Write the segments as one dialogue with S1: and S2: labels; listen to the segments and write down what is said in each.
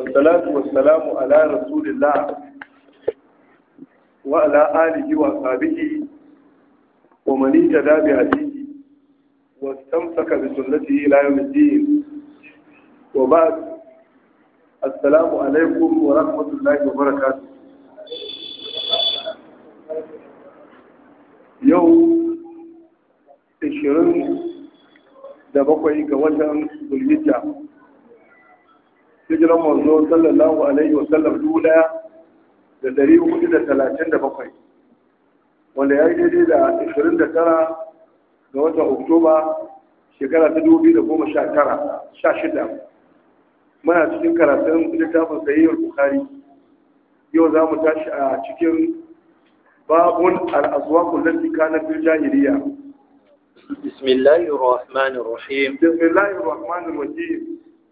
S1: wasalatu wasalamu ala rasulillah wa ala alihi wa sabihi wa man tada bi hadihi wa stamsaka bi sunnatihi ila yawm al-din wa ba'd assalamu alaykum wa rahmatullahi wa barakatuh yau ishirin da bakwai ga watan zulhijja hijiran manzo sallallahu alaihi wa sallam dula da dari hudu da talatin da bakwai wanda ya yi daidai da ashirin da tara ga watan oktoba shekara ta dubu biyu da goma sha tara sha shida muna cikin karatun littafin sayayyar bukari yau za mu tashi a cikin babun al'azwakun lati kanar fil jahiliya
S2: بسم الله الرحمن الرحيم
S1: بسم الله الرحمن
S2: الرحيم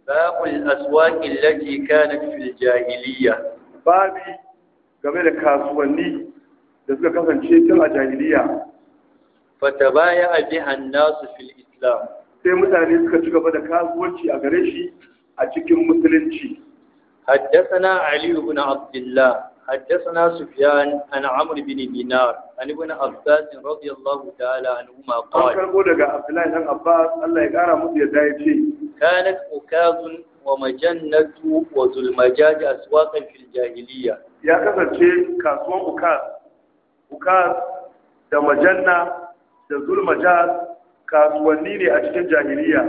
S2: babul aswaqi allati kanat fil jahiliya babi
S1: game da kasuwanni da suka kasance tun a jahiliya
S2: fatabaya biha an-nas fil islam sai mutane suka ci gaba da kasuwanci a gare shi a cikin musulunci حدثنا علي بن عبد الله حدثنا سفيان عن عمرو بن دينار عن ابن عباس رضي الله تعالى عنهما قال كان
S1: daga Abdullahi dan Abbas Allah ya kara musu yadda yace
S2: كانت أكاظ ومجنة وذو المجاج أسواقا في الجاهلية
S1: يا كذا شيء كاسوان أكاظ أكاظ da majanna da zulmajaz kasuwanni ne a cikin jahiliya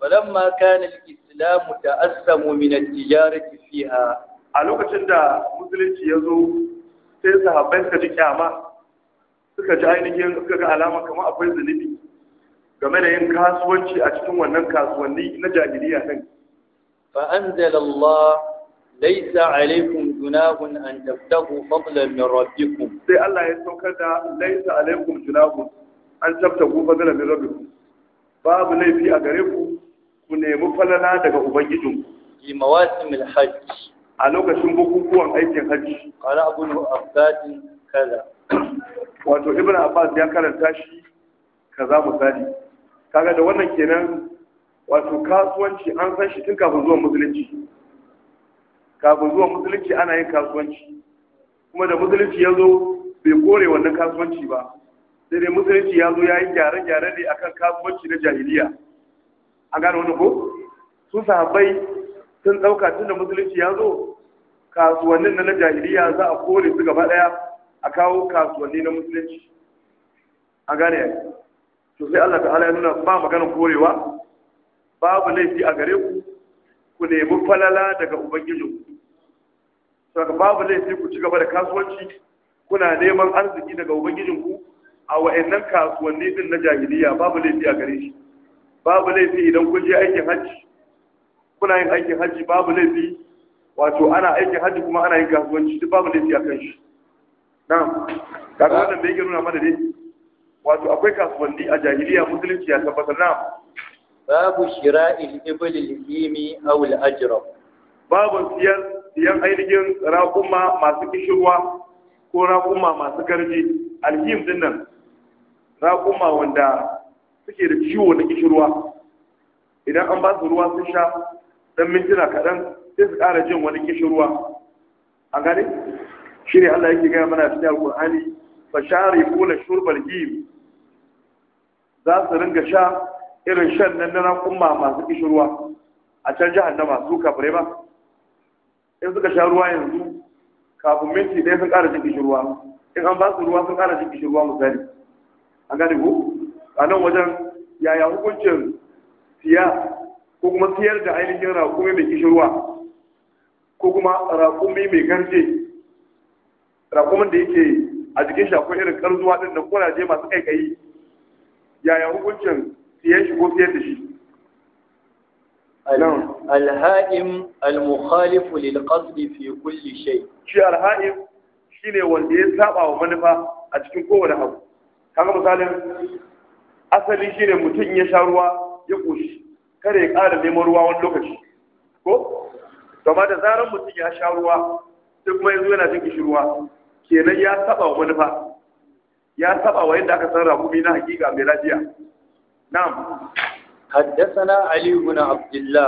S2: falamma kana
S1: al-islam ta'assamu min at-tijarati fiha a lokacin da musulunci ya zo sai sahabbai suka ji kyama suka ji ainihin suka alama kamar akwai zunubi game da yin kasuwanci a cikin wannan kasuwanni na jahiliya
S2: din fa anzalallah laysa alaykum junahun
S1: an tabtagu fadlan min rabbikum sai Allah ya saukar da laysa alaykum junahun an tabtagu fadlan min rabbikum babu laifi a gare ku ku nemi falala daga ubangijinku fi mawasimil hajj a lokacin bukukuwan aikin hajji qala abu abbas kaza wato ibn abbas ya karanta shi kaza misali kaga da wannan kenan wato kasuwanci an san shi tun kafin zuwa musulunci kafin zuwa musulunci ana yin kasuwanci kuma da musulunci ya zo bai kore wannan kasuwanci ba sai dai musulunci ya zo ya yi gyare-gyare ne akan kasuwanci na jahiliya A gane wani ko su sahabbai sun ɗauka tun da musulunci ya zo kasuwannin na jahiliya za a kore su gaba ɗaya a kawo kasuwanni na musulunci A gane yanzu to sai Allah ta'ala ya nuna ba maganin korewa babu laifi a gare ku ku nemi falala daga ubangijinku saka babu laifi ku ci gaba da kasuwanci kuna neman arziki daga ku a wa'annan kasuwanni din na jahiliya babu laifi a gare shi babu laifi idan kun je aikin hajji kuna yin aikin hajji babu laifi wato ana aikin hajji kuma ana yin kasuwanci duk babu laifi a kan shi na'am kaga wannan da yake nuna mana dai wato akwai kasuwanni a jahiliya musulunci ya tabbatar na
S2: babu shira'il ibl
S1: al a aw al babu siyan siyan ainihin raƙuma masu kishirwa ko raƙuma masu garji alhim din nan wanda suke da ciwo na kishirwa idan an ba su ruwa sun sha dan mintuna kaɗan sai su ƙara jin wani kishirwa a gani shi ne Allah yake gaya mana cikin alƙur'ani fa sharifuna shurbal him za su ringa sha irin shan nan na kuma masu kishirwa a can jahannama su kafirai ba in suka sha ruwa yanzu kafin minti ɗaya sun ƙara jin kishirwa in an ba su ruwa sun ƙara jin kishirwa misali an gani ku. a nan wajen yaya hukuncin siya ko kuma siyar da ainihin raƙumi mai kishirwa ko kuma raƙumi mai garje raƙumin da yake a jikin shi akwai irin karzuwa ɗin da kuraje masu ƙaiƙayi yaya hukuncin siyan shi ko fiye da shi
S2: Al-mukalifu الهائم المخالف fi kulli كل Shi شي shi
S1: shine wanda ya saba wa manufa a cikin kowane abu kaga misalin asali shine mutum ya sha ruwa ya koshi kare ya ƙara neman ruwa wani lokaci ko amma da zarar mutum ya sha ruwa sai kuma ya zo yana jin kishi ruwa kenan ya saba wa manufa ya saba wa yadda aka san rahumi na hakika mai lafiya na'am حدثنا علي بن عبد الله